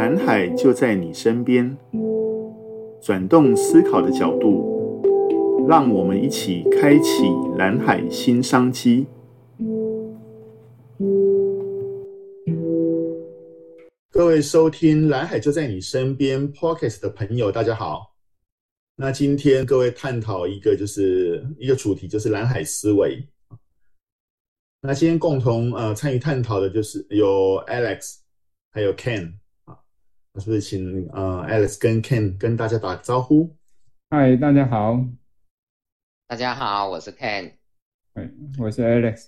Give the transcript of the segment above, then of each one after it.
藍海就在你身邊，轉動思考的角度，讓我們一起開啟藍海新商機。各位收聽《藍海就在你身邊》Podcast 的朋友，大家好。那今天各位探討一個就是一個主題，就是藍海思維。那今天共同呃參與探討的就是有 Alex，還有 Ken。那是不是請呃，Alex 跟 Ken 跟大家打個招呼？嗨，Hi, 大家好。大家好，我是 Ken。嗨，hey, 我是 Alex。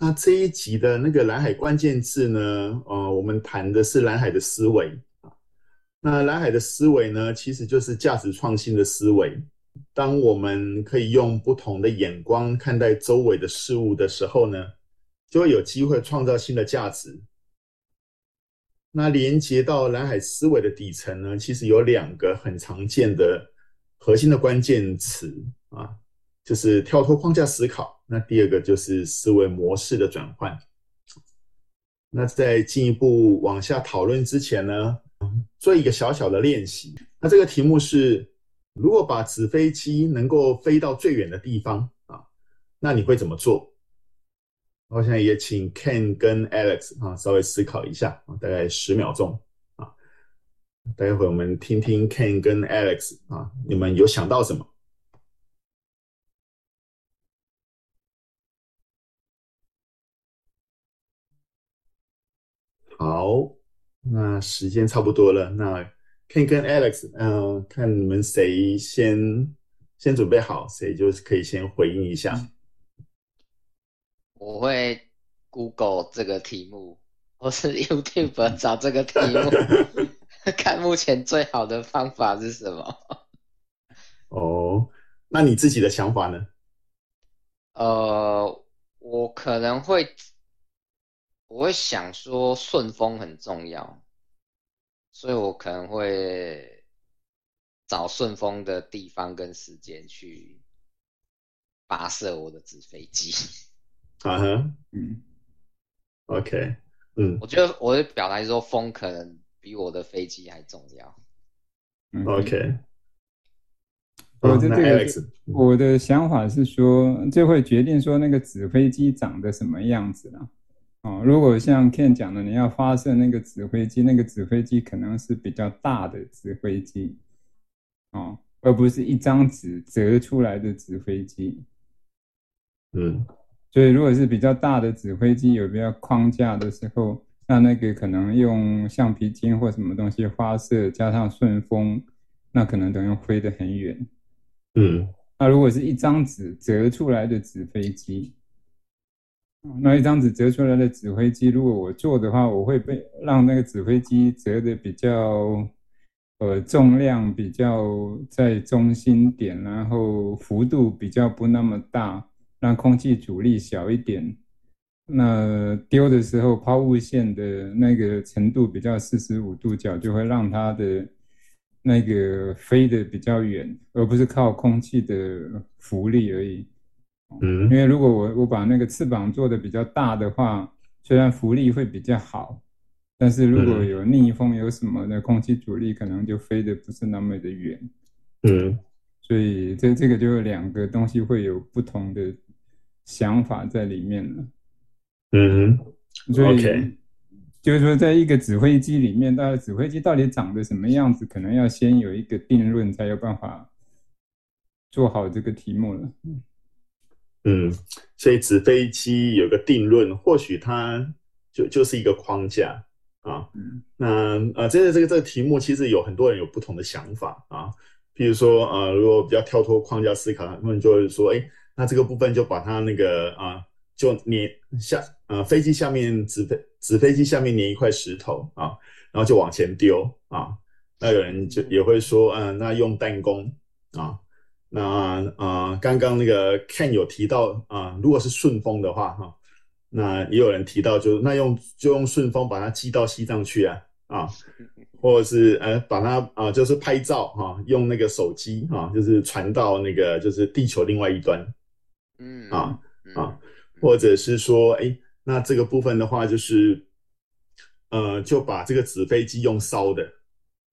那這一集的那個藍海關鍵字呢？呃，我們談的是藍海的思維。那藍海的思維呢，其實就是價值創新的思維。當我們可以用不同的眼光看待周圍的事物的時候呢，就會有機會創造新的價值。那連接到藍海思維的底層呢，其實有兩個很常見的核心的關鍵詞啊，就是跳脫框架思考。那第二個就是思維模式的轉換。那在進一步往下討論之前呢，做一個小小的練習。那這個題目是：如果把紙飛機能夠飛到最遠的地方啊，那你會怎麼做？我現在也請 Ken 跟 Alex 啊，稍微思考一下啊，大概十秒鐘啊。待會我們聽聽 Ken 跟 Alex 啊，你們有想到什麼？好，那時間差不多了，那 Ken 跟 Alex，嗯、呃，看你們誰先先準備好，誰就是可以先回應一下。我會 Google 這個題目，或是 YouTube 找這個題目， 看目前最好的方法是什麼。哦，oh, 那你自己的想法呢？呃，uh, 我可能會，我會想說順風很重要，所以我可能會找順風的地方跟時間去發射我的紙飛機。啊哈，uh huh. 嗯，OK，嗯，我覺得我的表達是說，風可能比我的飛機還重要。OK，我的這個，我的想法是說就會決定說那個紙飛機長得什麼樣子了。哦，如果像 Ken 講的，你要發射那個紙飛機，那個紙飛機可能是比較大的紙飛機，哦，而不是一張紙折出來的紙飛機。嗯。所以，如果是比較大的紙飛機有比較框架的時候，那那個可能用橡皮筋或什麼東西發射，加上順風，那可能等於飛得很遠。嗯，那如果是一張紙折出來的紙飛機，那一張紙折出來的紙飛機，如果我做的話，我會被讓那個紙飛機折得比較，呃，重量比較在中心點，然後幅度比較不那麼大。讓空氣阻力小一點，那丟的時候拋物線的那個程度比較四十五度角，就會讓它的那個飛得比較遠，而不是靠空氣的浮力而已。嗯，因為如果我我把那個翅膀做得比較大的話，雖然浮力會比較好，但是如果有逆風、嗯、有什麼的，空氣阻力可能就飛得不是那麼的遠。嗯，所以這這個就是兩個東西會有不同的。想法在裡面了，嗯所以，OK。就是說，在一個紙飛機裡面，大家紙飛機到底長得什麼樣子，可能要先有一個定論，才有辦法做好這個題目了。嗯，所以紙飛機有個定論，或許它就就是一個框架啊。嗯、那啊，真、呃、的這個這個題目，其實有很多人有不同的想法啊。譬如說啊、呃，如果比較跳脫框架思考，他們就會說，哎、欸。那這個部分就把它那個啊，就粘下啊，飛機下面紙飛紙飛機下面粘一塊石頭啊，然後就往前丟啊。那有人就也會說，嗯、啊，那用彈弓啊，那啊剛剛那個 Ken 有提到啊，如果是順風的話哈、啊，那也有人提到就那用就用順風把它寄到西藏去啊啊，或者是呃、啊、把它啊就是拍照哈、啊，用那個手機哈、啊，就是傳到那個就是地球另外一端。嗯啊啊，或者是說，哎、欸，那這個部分的話，就是，呃，就把這個紙飛機用燒的，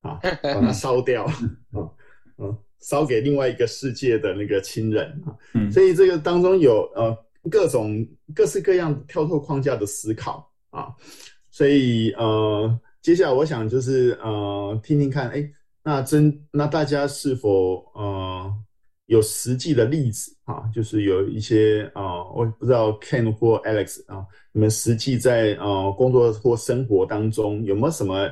啊，把它燒掉，啊、 嗯，燒、嗯、給另外一個世界的那個親人啊，所以這個當中有呃各種各式各樣跳脫框架的思考啊，所以呃，接下來我想就是呃，聽聽看，哎、欸，那真那大家是否呃？有實際的例子啊，就是有一些啊，我不知道 Ken 或 Alex 啊，你們實際在呃、啊、工作或生活當中有沒有什麼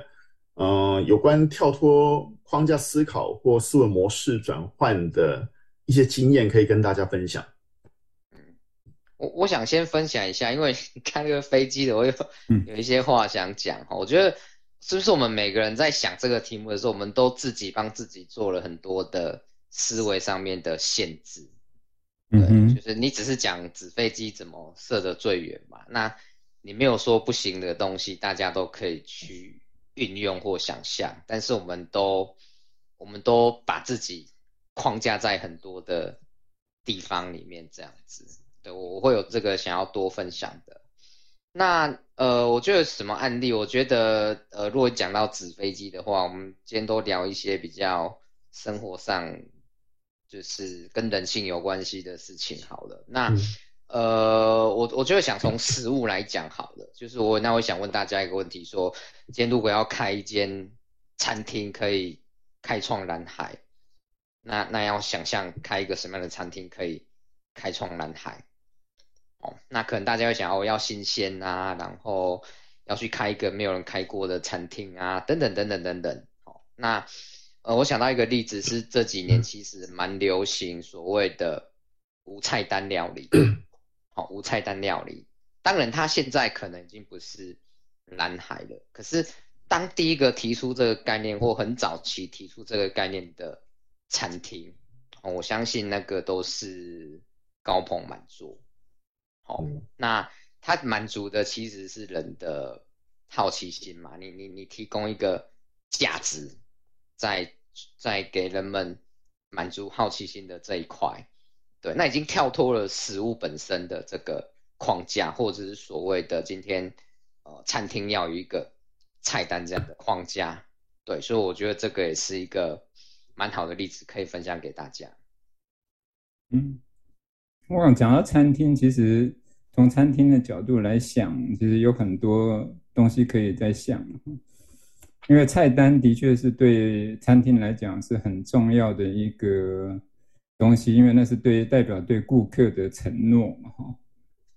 嗯、呃、有關跳脫框架思考或思維模式轉換的一些經驗可以跟大家分享？嗯，我我想先分享一下，因為開個飛機的我有有一些話想講哈。嗯、我覺得是不是我們每個人在想這個題目的時候，我們都自己幫自己做了很多的。思維上面的限制，嗯哼，就是你只是講紙飛機怎麼射得最遠嘛，那你沒有說不行的東西，大家都可以去運用或想象。但是我們都，我們都把自己框架在很多的地方裡面，這樣子，對，我會有這個想要多分享的。那呃，我覺得什麼案例？我覺得呃，如果講到紙飛機的話，我們今天都聊一些比較生活上。就是跟人性有關係的事情，好了，那、嗯、呃，我我就想從食物來講，好了，就是我那我想問大家一個問題，說，今天如果要開一間餐廳，可以開創藍海，那那要想象開一個什麼樣的餐廳可以開創藍海？哦，那可能大家會想，哦，要新鮮啊，然後要去開一個沒有人開過的餐廳啊，等等等等等等，好、哦，那。呃，我想到一個例子是這幾年其實蠻流行所謂的無菜單料理，好、嗯哦，無菜單料理。當然，他現在可能已經不是藍海了。可是，當第一個提出這個概念或很早期提出這個概念的餐廳，哦、我相信那個都是高朋滿座。好、哦，嗯、那他滿足的其實是人的好奇心嘛？你你你提供一個價值。在在給人們滿足好奇心的這一塊，對，那已經跳脫了食物本身的這個框架，或者是所謂的今天，呃，餐廳要有一個菜單這樣的框架，對，所以我覺得這個也是一個蠻好的例子，可以分享給大家。嗯，我想講到餐廳，其實從餐廳的角度來想，其實有很多東西可以再想。因為菜單的確是對餐廳來講是很重要的一個東西，因為那是對代表對顧客的承諾嘛哈。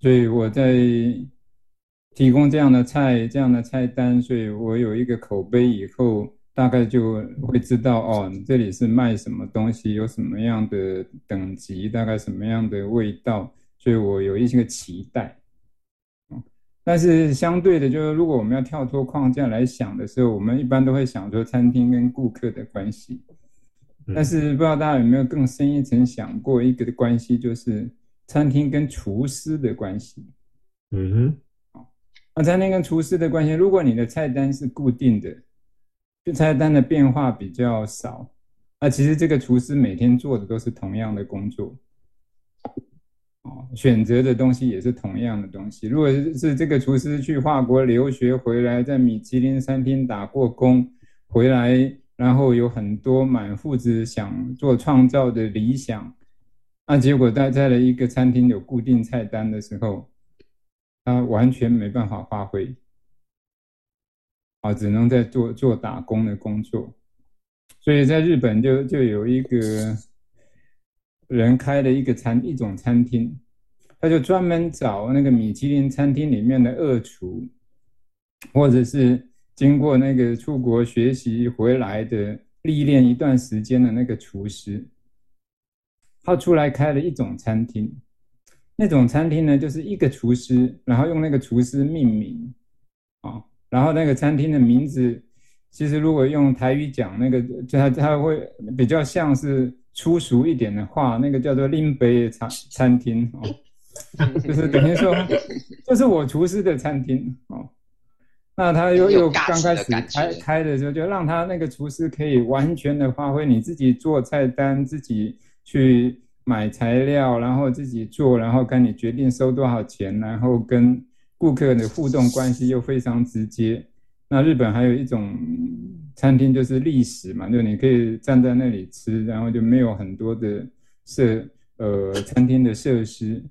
所以我在提供這樣的菜、這樣的菜單，所以我有一個口碑，以後大概就會知道哦，這裡是賣什麼東西，有什麼樣的等級，大概什麼樣的味道，所以我有一些個期待。但是相對的，就是如果我們要跳脫框架來想的時候，我們一般都會想說餐廳跟顧客的關係。但是不知道大家有沒有更深一層想過一個的關係，就是餐廳跟廚師的關係。嗯哼，啊，那餐廳跟廚師的關係，如果你的菜單是固定的，就菜單的變化比較少，那其實這個廚師每天做的都是同樣的工作。哦，選擇的東西也是同樣的東西。如果是這個廚師去法國留學回來，在米其林餐廳打過工回來，然後有很多滿腹子想做創造的理想，那結果待在了一個餐廳有固定菜單的時候，他完全沒辦法發揮，啊，只能在做做打工的工作。所以在日本就就有一個。人開了一個餐一種餐廳，他就專門找那個米其林餐廳裡面的二廚，或者是經過那個出國學習回來的歷練一段時間的那個廚師，他出來開了一種餐廳，那種餐廳呢就是一個廚師，然後用那個廚師命名，啊、哦，然後那個餐廳的名字，其實如果用台語講，那個就他他會比較像是。粗俗一點的話，那個叫做“林北餐餐廳”哦，就是等於說，這是我廚師的餐廳哦。 那他又又剛開始開開的時候，就讓他那個廚師可以完全的發揮，你自己做菜單，自己去買材料，然後自己做，然後看你決定收多少錢，然後跟顧客的互動關係又非常直接。那日本還有一種。餐廳就是歷史嘛，就你可以站在那裡吃，然後就沒有很多的設呃餐廳的設施，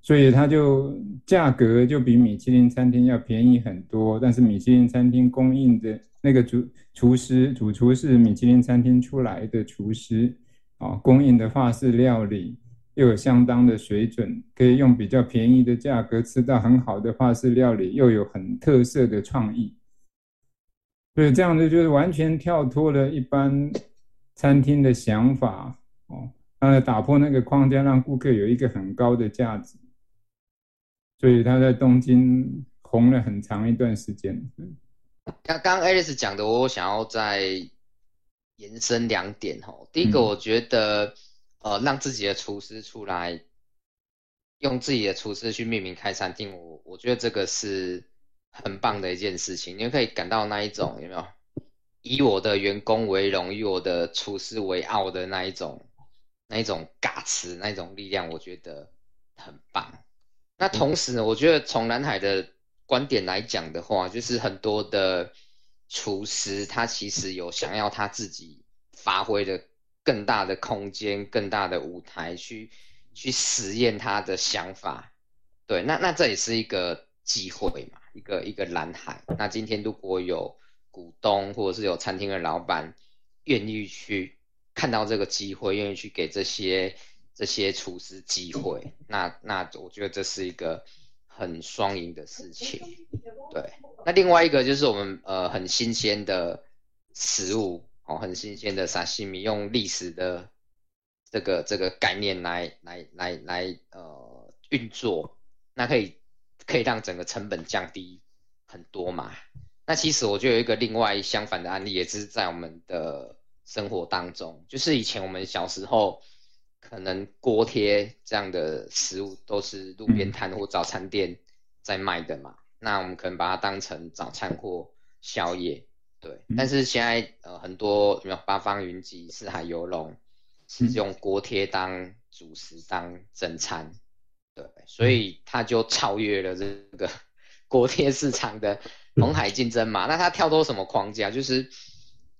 所以它就價格就比米其林餐廳要便宜很多。但是米其林餐廳供應的那個廚廚師、主廚是米其林餐廳出來的廚師，啊，供應的法式料理又有相當的水準，可以用比較便宜的價格吃到很好的法式料理，又有很特色的創意。所以這樣子就是完全跳脫了一般餐廳的想法哦，啊，打破那個框架，讓顧客有一個很高的價值。所以他在東京紅了很長一段時間。剛剛 Alex 講的，我想要再延伸兩點哦。第一個，我覺得、嗯、呃，讓自己的廚師出來，用自己的廚師去命名開餐廳，我我覺得這個是。很棒的一件事情，你就可以感到那一種有沒有？以我的員工為榮，以我的廚師為傲的那一種，那一種加持，那一種力量，我覺得很棒。那同時呢，我覺得從藍海的觀點來講的話，就是很多的廚師他其實有想要他自己發揮的更大的空間、更大的舞台去去實驗他的想法，對，那那這也是一個機會嘛。一個一個藍海。那今天如果有股東或者是有餐廳的老板願意去看到這個機會，願意去給這些這些廚師機會，那那我覺得這是一個很雙贏的事情。對。那另外一個就是我們呃很新鮮的食物哦，很新鮮的沙西米，用歷史的這個這個概念來來來來呃運作，那可以。可以讓整個成本降低很多嘛。那其實我就有一個另外相反的案例，也是在我們的生活當中，就是以前我們小時候，可能鍋貼這樣的食物都是路邊攤或早餐店在賣的嘛，嗯、那我們可能把它當成早餐或宵夜，對。嗯、但是現在呃，很多有沒有八方雲集、四海游龍，是用鍋貼當主食當正餐。對，所以他就超越了這個鍋貼市場的紅海競爭嘛？嗯、那他跳脫什麼框架？就是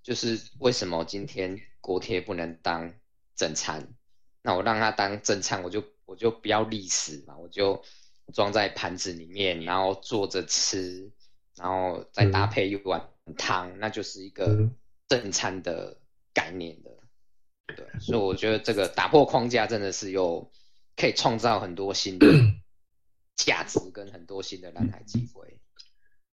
就是為什麼今天鍋貼不能當正餐？那我讓他當正餐，我就我就不要立食嘛，我就裝在盤子裡面，然後坐着吃，然後再搭配一碗湯，嗯、那就是一個正餐的概念的。對，所以我覺得這個打破框架真的是有。可以創造很多新的價值跟很多新的藍海機會。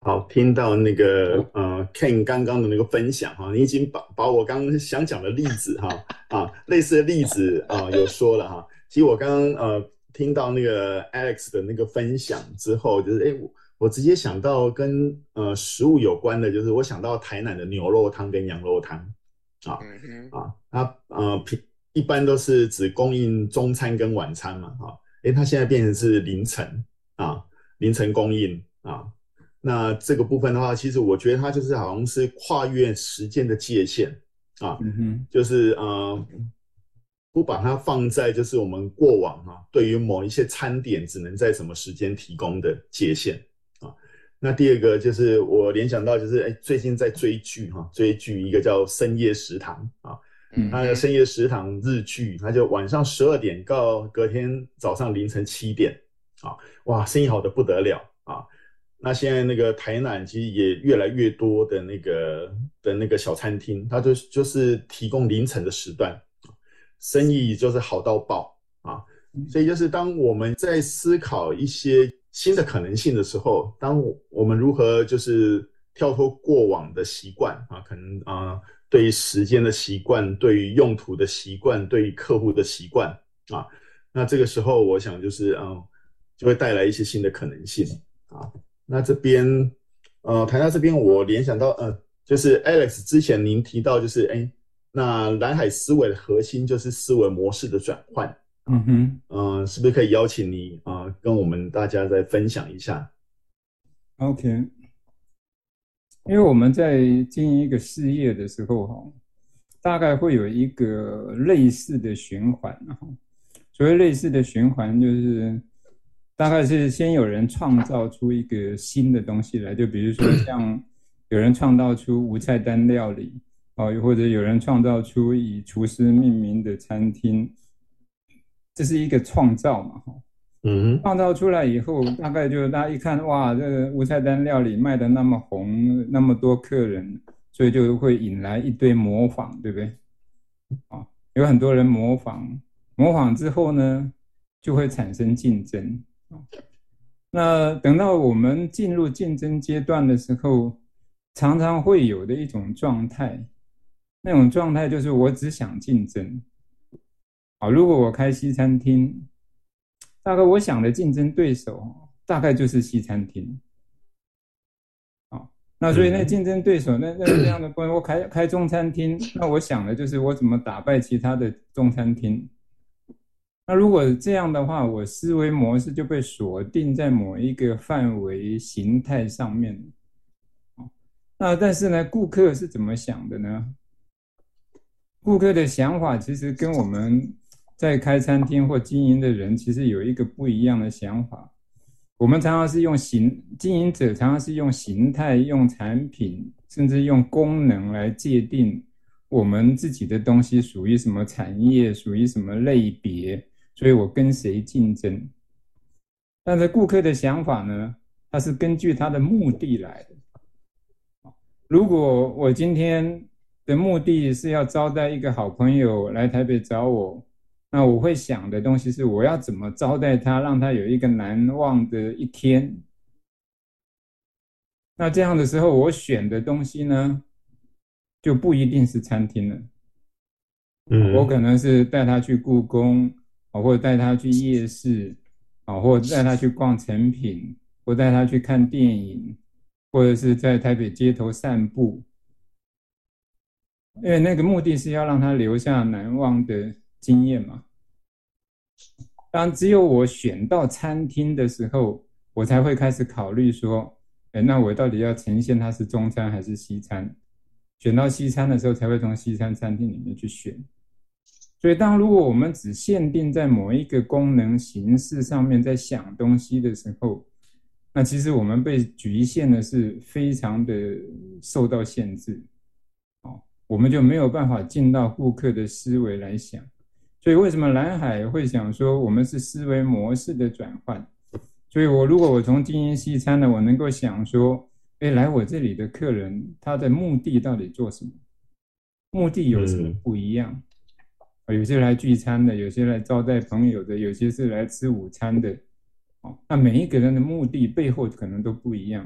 好，聽到那個呃，Ken 剛剛的那個分享哈，你已經把把我剛剛想講的例子哈 啊類似的例子啊、呃、 有說了哈。其實我剛剛呃聽到那個 Alex 的那個分享之後，就是哎、欸、我我直接想到跟呃食物有關的，就是我想到台南的牛肉湯跟羊肉湯啊啊，嗯、哼啊呃平。一般都是只供應中餐跟晚餐嘛，啊，哎，它現在變成是凌晨啊，凌晨供應啊。那這個部分的話，其實我覺得它就是好像是跨越時間的界限啊，嗯哼，就是啊，呃，不把它放在就是我們過往啊，對於某一些餐點只能在什麼時間提供的界限啊。那第二個就是我聯想到就是哎，最近在追劇哈，啊，追劇一個叫《深夜食堂》啊。那深夜食堂日劇，他就晚上十二點到隔天早上凌晨七點，啊，哇，生意好得不得了啊！那現在那個台南其實也越來越多的那個的那個小餐廳，他就就是提供凌晨的時段，生意就是好到爆啊！所以就是當我們在思考一些新的可能性的時候，當我們如何就是跳脫過往的習慣啊，可能啊。呃對於時間的習慣，對於用途的習慣，對於客戶的習慣啊，那這個時候我想就是嗯、呃，就會帶來一些新的可能性啊。那這邊呃，談到這邊，我聯想到呃就是 Alex 之前您提到就是哎，那藍海思維的核心就是思維模式的轉換，嗯哼，嗯、呃，是不是可以邀請你啊、呃，跟我們大家再分享一下？OK。因為我們在經營一個事業的時候，哈，大概會有一個類似的循環，哈，所謂類似的循環，就是大概是先有人創造出一個新的東西來，就比如說像有人創造出無菜單料理，哦，又或者有人創造出以廚師命名的餐廳，這是一個創造嘛，嗯，創造出來以後，大概就是大家一看，哇，這個無菜單料理賣得那麼紅，那麼多客人，所以就會引來一堆模仿，對不對？啊，有很多人模仿，模仿之後呢，就會產生競爭。那等到我們進入競爭階段的時候，常常會有的一種狀態，那種狀態就是我只想競爭。啊，如果我開西餐廳。大概我想的競爭對手大概就是西餐廳，哦，啊，那所以那競爭對手那、嗯、那這樣的關，我開 開中餐廳，那我想的就是我怎麼打敗其他的中餐廳。那如果這樣的話，我思維模式就被鎖定在某一個範圍形態上面。那但是呢，顧客是怎麼想的呢？顧客的想法其實跟我們。在開餐廳或經營的人，其實有一個不一樣的想法。我們常常是用形經營者，常常是用形態、用產品，甚至用功能來界定我們自己的東西屬於什麼產業、屬於什麼類別，所以我跟誰競爭。但是顧客的想法呢？他是根據他的目的來的。如果我今天的目的是要招待一個好朋友來台北找我。那我會想的東西是，我要怎麼招待他，讓他有一個難忘的一天。那這樣的時候，我選的東西呢，就不一定是餐廳了。嗯，我可能是帶他去故宮，啊，或者帶他去夜市，啊，或者帶他去逛誠品，或者帶他去看電影，或者是在台北街頭散步。因為那個目的是要讓他留下難忘的經驗嘛。當只有我選到餐廳的時候，我才會開始考慮說誒，那我到底要呈現它，是中餐還是西餐？選到西餐的時候，才會從西餐餐廳裡面去選。所以，當如果我們只限定在某一個功能形式上面在想東西的時候，那其實我們被局限的是非常的受到限制。好，我們就沒有辦法進到顧客的思維來想。所以為什麼藍海會想說我們是思維模式的轉換？所以我如果我從經營西餐呢，我能夠想說，哎，來我這裡的客人他的目的到底做什麼？目的有什麼不一樣？有些來聚餐的，有些來招待朋友的，有些是來吃午餐的。好，那每一個人的目的背後可能都不一樣。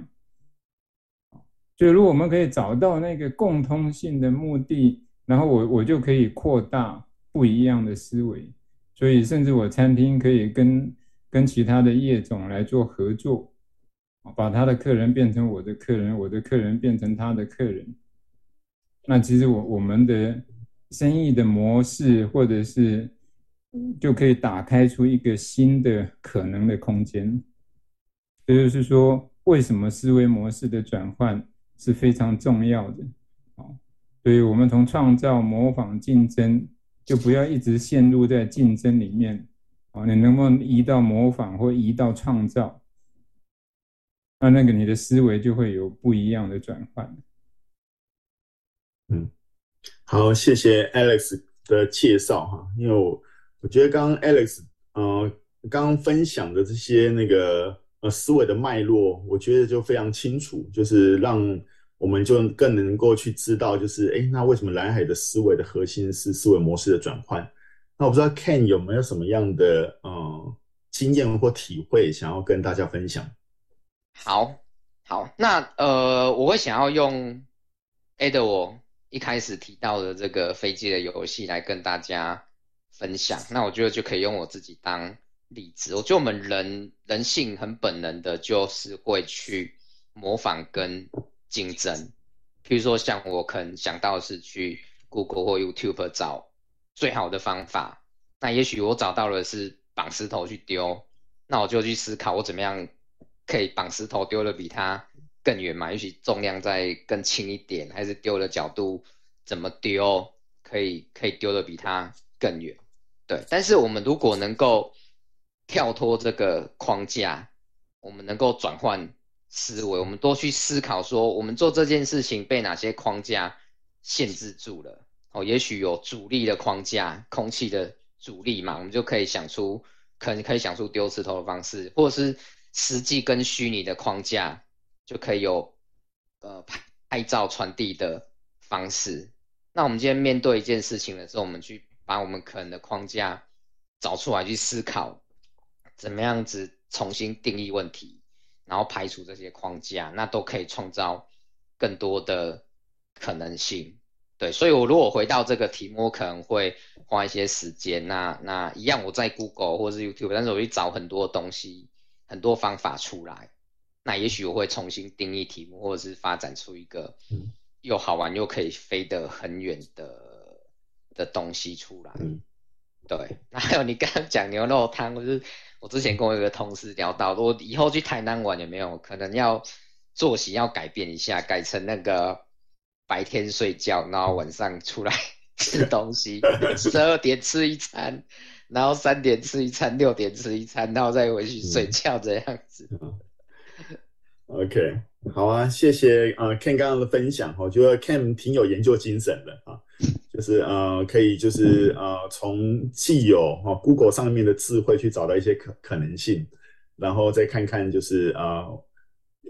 所以如果我們可以找到那個共通性的目的，然後我我就可以擴大。不一樣的思維，所以甚至我餐廳可以跟跟其他的業種來做合作，把他的客人變成我的客人，我的客人變成他的客人。那其實我我們的生意的模式或者是就可以打開出一個新的可能的空間。這就是說，為什麼思維模式的轉換是非常重要的。啊，所以我們從創造、模仿、競爭。就不要一直陷入在競爭裡面，你能不能移到模仿或移到創造？那那個你的思維就會有不一樣的轉換。嗯，好，謝謝 Alex 的介紹哈，因為我覺得剛剛 Alex 呃剛分享的這些那個呃思維的脈絡，我覺得就非常清楚，就是讓。我們就更能夠去知道，就是哎，那為什麼藍海的思維的核心是思維模式的轉換？那我不知道 Ken 有沒有什麼樣的呃經驗或體會想要跟大家分享？好好，那呃，我會想要用，Ada 我一開始提到的這個飛機的遊戲來跟大家分享。那我覺得就可以用我自己當例子。我覺得我們人人性，很本能的，就是會去模仿跟競爭，譬如說，像我可能想到的是去 Google 或 YouTube 找最好的方法。那也許我找到了是綁石頭去丟，那我就去思考我怎麼樣可以綁石頭丟的比它更遠嘛？也許重量再更輕一點，還是丟的角度怎麼丟可以可以丟的比它更遠？對。但是我們如果能夠跳脫這個框架，我們能夠轉換。思維，我們多去思考說，說我們做這件事情被哪些框架限制住了哦？也許有阻力的框架、空氣的阻力嘛，我們就可以想出可能可以想出丟石頭的方式，或者是實際跟虛擬的框架就可以有呃拍拍照傳遞的方式。那我們今天面對一件事情的時候，我們去把我們可能的框架找出來，去思考怎麼樣子重新定義問題。然後排除這些框架，那都可以創造更多的可能性。對，所以我如果回到這個題目，我可能會花一些時間。那那一樣，我在 Google 或是 YouTube，但是我會找很多東西，很多方法出來。那也許我會重新定義題目，或者是發展出一個又好玩又可以飛得很遠的的東西出來。嗯、對，還有你剛剛講牛肉湯，或，就是。我之前跟我一個同事聊到，我以後去台南玩有沒有可能要作息要改變一下，改成那個白天睡覺，然後晚上出來吃東西，十二 點吃一餐，然後三點吃一餐，六點吃一餐，然後再回去睡覺這樣子。嗯、OK，好啊，謝謝啊，Ken 剛剛的分享，我覺得 Ken 挺有研究精神的啊。就是呃，可以就是呃，從既有哈、哦、Google 上面的智慧去找到一些可可能性，然後再看看就是啊，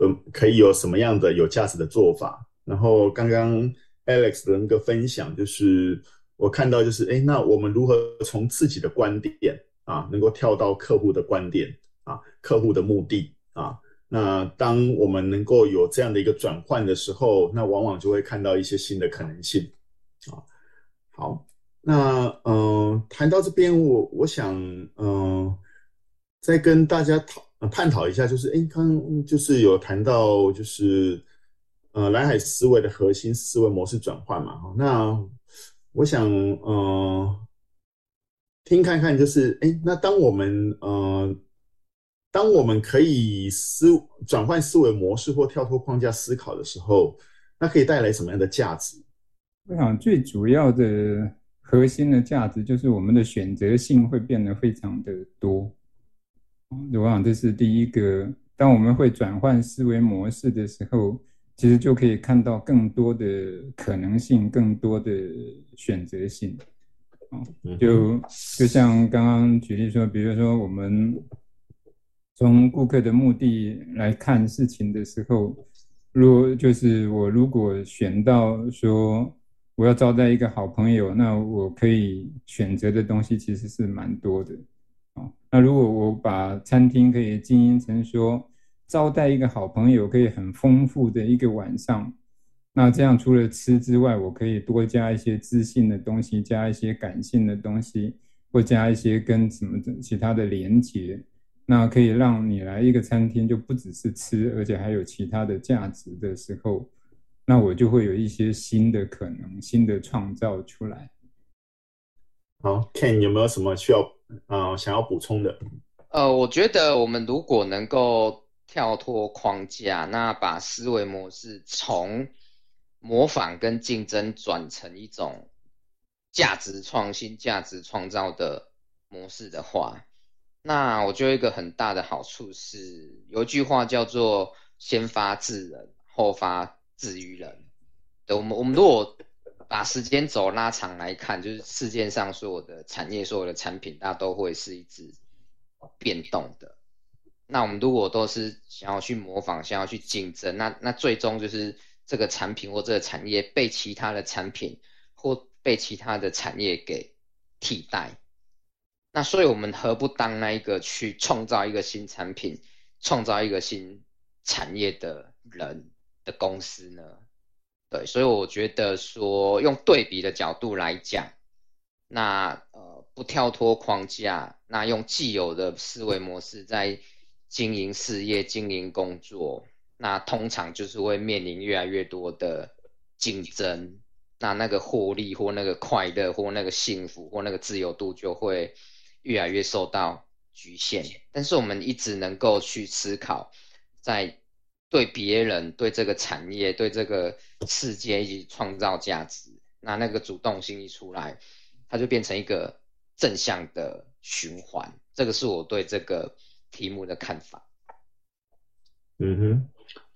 有、呃呃、可以有什麼樣的有價值的做法。然後剛剛 Alex 的那個分享，就是我看到就是哎，那我們如何從自己的觀點啊，能夠跳到客戶的觀點啊，客戶的目的啊？那當我們能夠有這樣的一個轉換的時候，那往往就會看到一些新的可能性啊。好，那嗯，談、呃、到這邊，我我想嗯、呃，再跟大家討探討一下，就是哎，剛、欸、就是有談到就是呃，藍海思維的核心思維模式轉換嘛。好，那我想嗯、呃，聽看看，就是哎、欸，那當我們嗯、呃，當我們可以思轉換思維模式或跳脫框架思考的時候，那可以帶來什麼樣的價值？我想最主要的核心的價值就是我們的選擇性會變得非常的多。我想這是第一個，當我們會轉換思維模式的時候，其實就可以看到更多的可能性，更多的選擇性。啊，就就像剛剛舉例說，比如說我們從顧客的目的來看事情的時候，如就是我如果選到說。我要招待一個好朋友，那我可以選擇的東西其實是蠻多的，啊，那如果我把餐廳可以經營成說招待一個好朋友可以很豐富的一個晚上，那這樣除了吃之外，我可以多加一些知性的東西，加一些感性的東西，或加一些跟什麼其他的連接，那可以讓你來一個餐廳就不只是吃，而且還有其他的價值的時候。那我就會有一些新的可能，新的創造出來。好，Ken 有沒有什麼需要啊、呃、想要補充的？呃，我覺得我們如果能夠跳脫框架，那把思維模式從模仿跟競爭轉成一種價值創新、價值創造的模式的話，那我覺得一個很大的好處是，有一句話叫做“先發制人，後發”。至於人。對，我們我們如果把時間軸拉長來看，就是世界上所有的產業、所有的產品，大都會是一直變動的。那我們如果都是想要去模仿、想要去競爭，那那最終就是這個產品或這個產業被其他的產品或被其他的產業給替代。那所以我們何不當那一個去創造一個新產品、創造一個新產業的人？公司呢？對，所以我覺得說，用對比的角度來講，那呃，不跳脫框架，那用既有的思維模式在經營事業、經營工作，那通常就是會面臨越來越多的競爭，那那個獲利或那個快樂或那個幸福或那個自由度就會越來越受到局限。但是我們一直能夠去思考，在。對別人、對這個產業、對這個世界一起創造價值，那那個主動性一出來，它就變成一個正向的循環。這個是我對這個題目的看法。嗯哼，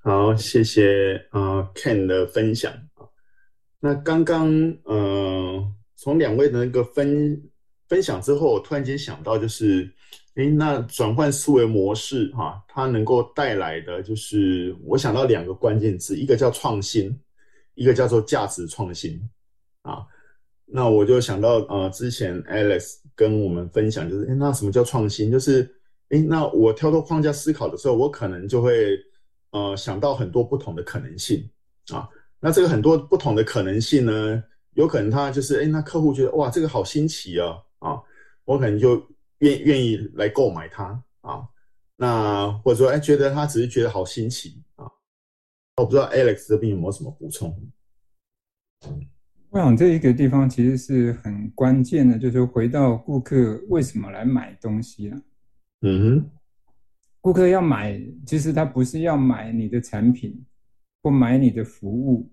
好，謝謝啊、uh, Ken 的分享啊。那剛剛呃，從兩位的那個分分享之後，我突然間想到就是。哎、欸，那轉換思維模式哈、啊，它能夠帶來的就是我想到兩個關鍵字，一個叫創新，一個叫做價值創新，啊，那我就想到呃，之前 Alex 跟我們分享就是，誒、欸、那什麼叫創新？就是，誒、欸、那我跳脫框架思考的時候，我可能就會呃想到很多不同的可能性，啊，那這個很多不同的可能性呢，有可能他就是，誒、欸、那客戶覺得哇，這個好新奇啊，啊，我可能就。願願意來購買它啊，那或者說哎、欸，覺得它只是覺得好新奇啊，我不知道 Alex 這邊有沒有什麼補充？我想這一個地方其實是很關鍵的，就是回到顧客為什麼來買東西啊？嗯哼，顧客要買，其實他不是要買你的產品，或買你的服務。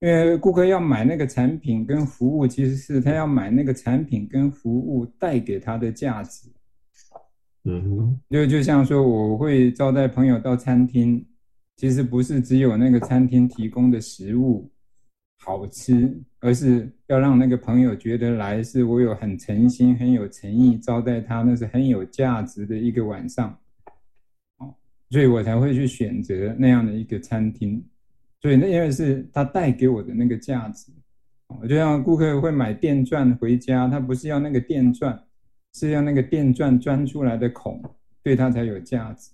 因為顧客要買那個產品跟服務，其實是他要買那個產品跟服務帶給他的價值。嗯哼，因為就像說，我會招待朋友到餐廳，其實不是只有那個餐廳提供的食物好吃，而是要讓那個朋友覺得來是我有很誠心、很有誠意招待他，那是很有價值的一個晚上。所以我才會去選擇那樣的一個餐廳。所以那因為是他帶給我的那個價值，我就像顧客會買電鑽回家，他不是要那個電鑽，是要那個電鑽鑽出來的孔，對他才有價值。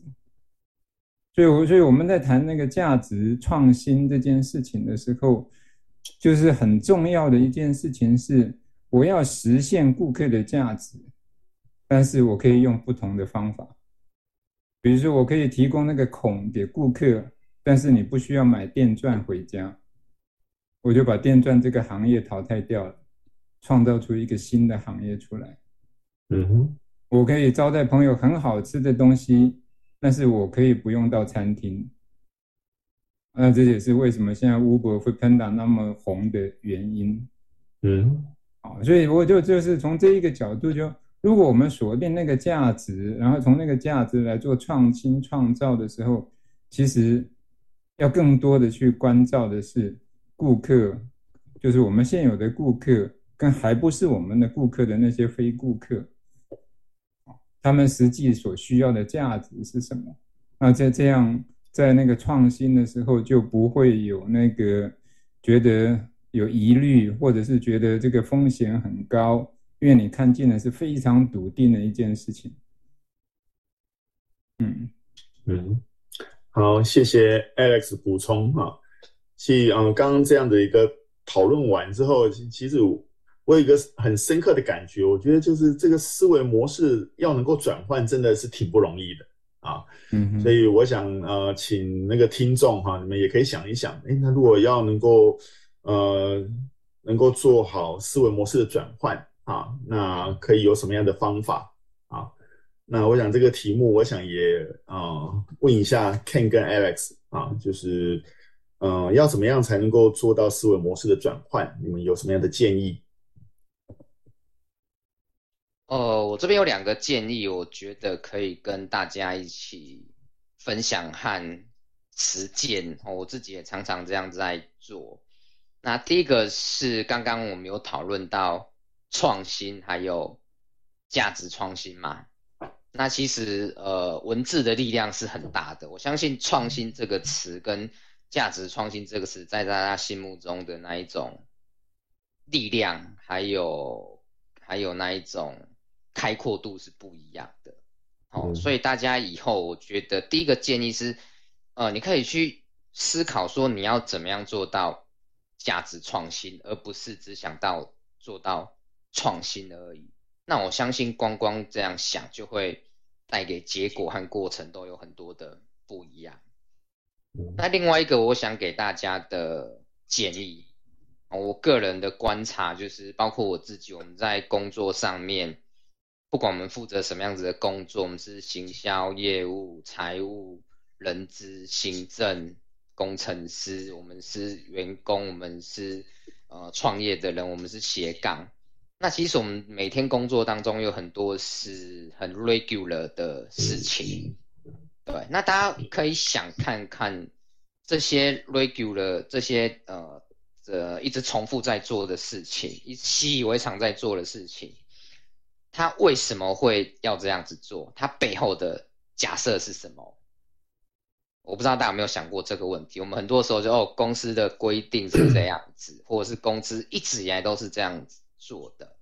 所以，我所以我們在談那個價值創新這件事情的時候，就是很重要的一件事情是，我要實現顧客的價值，但是我可以用不同的方法，比如說我可以提供那個孔給顧客。但是你不需要買電鑽回家，嗯、我就把電鑽這個行業淘汰掉了，創造出一個新的行業出來。嗯哼，我可以招待朋友很好吃的東西，但是我可以不用到餐廳。那、啊、這也是為什麼現在 Uber、foodpanda 那麼紅的原因。嗯，好，所以我就就是從這一個角度就，就如果我們鎖定那個價值，然後從那個價值來做創新創造的時候，其實。要更多的去關照的是顧客，就是我們現有的顧客跟還不是我們的顧客的那些非顧客，他們實際所需要的價值是什麼？那在這樣在那個創新的時候就不會有那個覺得有疑慮，或者是覺得這個風險很高，因為你看見的是非常篤定的一件事情。嗯，嗯。好，謝謝 Alex 補充哈、啊。其實嗯，剛剛這樣的一個討論完之後，其實我有一個很深刻的感覺，我覺得就是這個思維模式要能夠轉換，真的是挺不容易的啊。嗯哼。所以，我想，呃，請那個聽眾哈、啊，你們也可以想一想，誒，那如果要能夠，呃，能夠做好思維模式的轉換啊，那可以有什麼樣的方法？那我想這個題目，我想也啊、呃、問一下 Ken 跟 Alex 啊，就是嗯、呃，要怎麼樣才能夠做到思維模式的轉換？你們有什麼樣的建議？哦、呃，我這邊有兩個建議，我覺得可以跟大家一起分享和實踐、哦。我自己也常常這樣在做。那第一個是剛剛我們有討論到創新，還有價值創新嘛。那其實，呃，文字的力量是很大的。我相信“創新”這個詞跟“價值創新”這個詞，在大家心目中的那一種力量，還有還有那一種開闊度是不一樣的。好，哦，嗯，所以大家以後，我覺得第一個建議是，呃，你可以去思考說你要怎麼樣做到價值創新，而不是只想到做到創新而已。那我相信，光光這樣想就會。帶給結果和過程都有很多的不一樣。那另外一個我想給大家的建議，我個人的觀察就是，包括我自己，我們在工作上面，不管我們負責什麼樣子的工作，我們是行銷、業務、財務、人資、行政、工程師，我們是員工，我們是呃創業的人，我們是斜槓。那其實我們每天工作當中有很多是很 regular 的事情，對。那大家可以想看看這些 regular 這些呃這一直重複在做的事情，一直習以為常在做的事情，他為什麼會要這樣子做？他背後的假設是什麼？我不知道大家有沒有想過這個問題。我們很多時候就哦公司的規定是這樣子，或者是公司一直以來都是這樣子做的，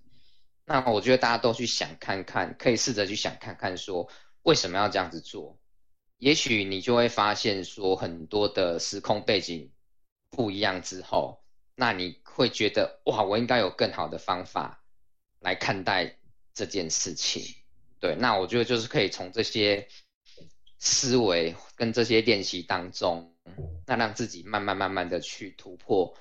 那我覺得大家都去想看看，可以試着去想看看，說為什麼要這樣子做？也許你就會發現說，很多的時空背景不一樣之後，那你會覺得哇，我應該有更好的方法來看待這件事情。對，那我覺得就是可以從這些思維跟這些練習當中，那讓自己慢慢慢慢的去突破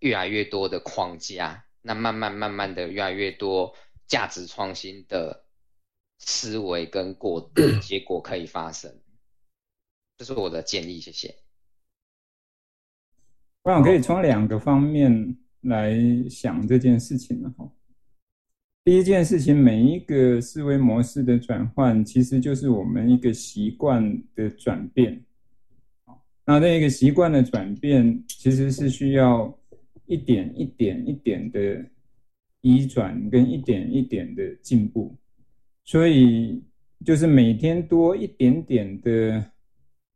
越來越多的框架。那慢慢慢慢的，越來越多價值創新的思維跟過程結果可以發生， 這是我的建議。謝謝。那我可以從兩個方面來想這件事情了哈。第一件事情，每一個思維模式的轉換，其實就是我們一個習慣的轉變。那那個習慣的轉變，其實是需要。一點一點一點的移轉，跟一點一點的進步，所以就是每天多一點點的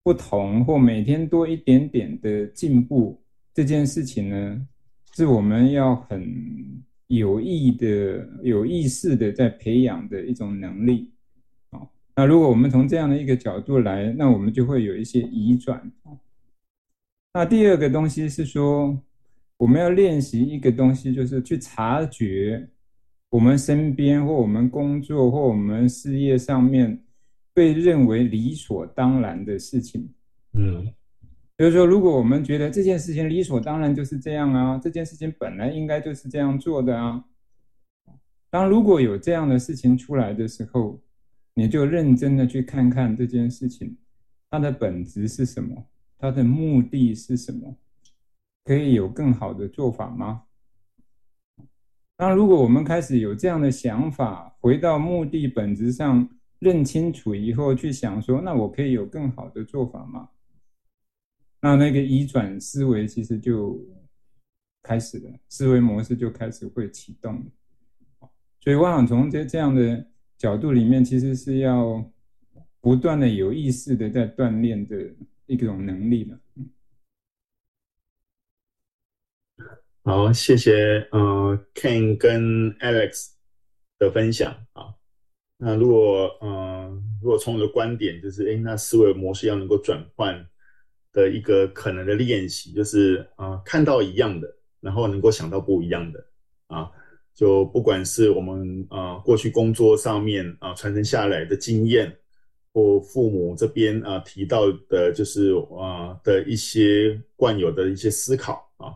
不同，或每天多一點點的進步，這件事情呢，是我們要很有意的、有意識的在培養的一種能力。那如果我們從這樣的一個角度來，那我們就會有一些移轉。那第二個東西是說。我們要練習一個東西，就是去察覺我們身邊或我們工作或我們事業上面被認為理所當然的事情。嗯，就是說，如果我們覺得這件事情理所當然就是這樣啊，這件事情本來應該就是這樣做的啊，當如果有這樣的事情出來的時候，你就認真的去看看這件事情它的本質是什麼，它的目的是什麼。可以有更好的做法嗎？那如果我們開始有這樣的想法，回到目的本質上認清楚以後，去想說，那我可以有更好的做法嗎？那那個移轉思維其實就開始了，思維模式就開始會啟動。所以我想從這這樣的角度裡面，其實是要不斷的有意識的在鍛鍊的一種能力了。好，謝謝。嗯、呃、Ken 跟 Alex 的分享啊，那如果嗯、呃，如果從我的觀點，就是哎，那思維模式要能夠轉換的一個可能的練習，就是啊、呃，看到一樣的，然後能夠想到不一樣的啊，就不管是我們啊、呃、過去工作上面啊、呃、傳承下來的經驗，或父母這邊啊、呃、提到的，就是啊、呃、的一些慣有的一些思考啊。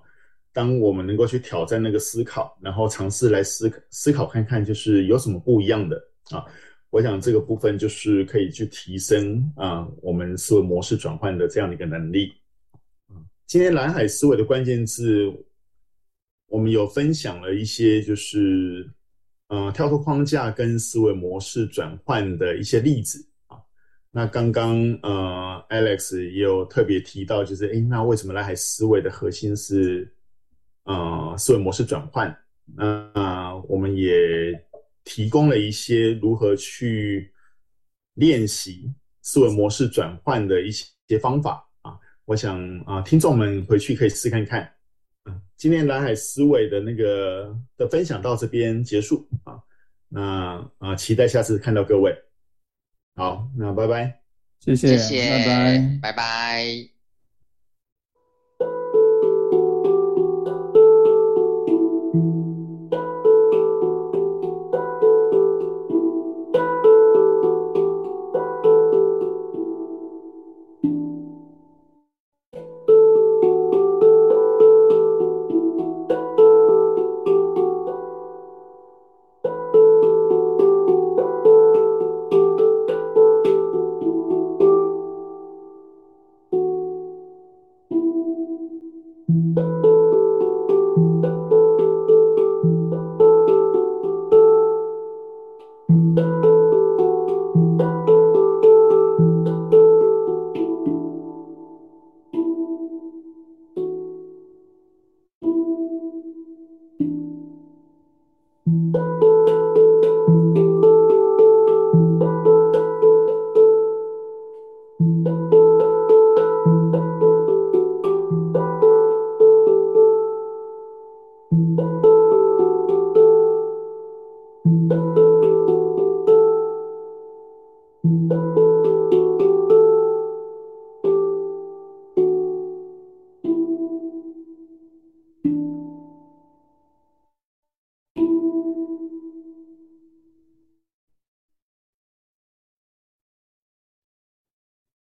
當我們能夠去挑戰那個思考，然後嘗試來思考思考看看，就是有什麼不一樣的啊？我想這個部分就是可以去提升啊我們思維模式轉換的這樣的一個能力。今天藍海思維的關鍵字，我們有分享了一些就是，呃、跳脫框架跟思維模式轉換的一些例子啊。那剛剛呃 Alex 也有特別提到，就是誒，那為什麼藍海思維的核心是？呃，思維模式轉換，那、呃、我們也提供了一些如何去練習思維模式轉換的一些方法啊。我想啊，聽眾們回去可以試看看。今天藍海思維的那個的分享到這邊結束啊。那啊，期待下次看到各位。好，那拜拜，謝謝，謝謝，拜拜，拜拜。拜拜。